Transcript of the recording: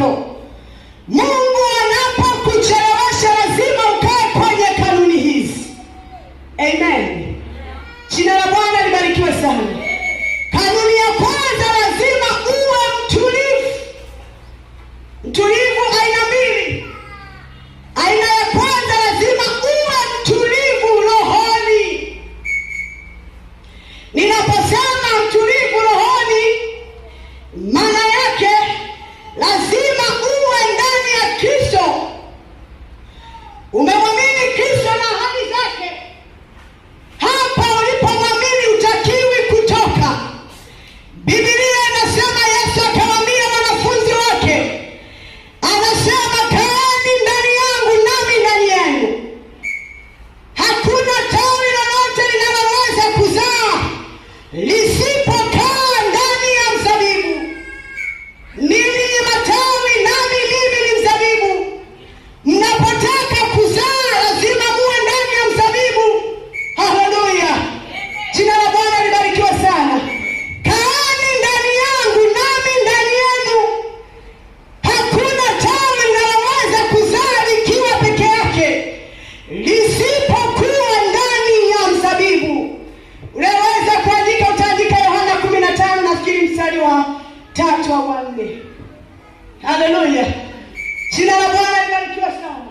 yako. Mungu anapokuchelewesha lazima ukae kwenye kanuni hizi. Amen. Jina la Bwana libarikiwe sana. Kanuni ya kwanza lazima uwe mtulivu. Mtulivu ¡Listo! watu wa wanne. Haleluya, jina la Bwana libarikiwe sana.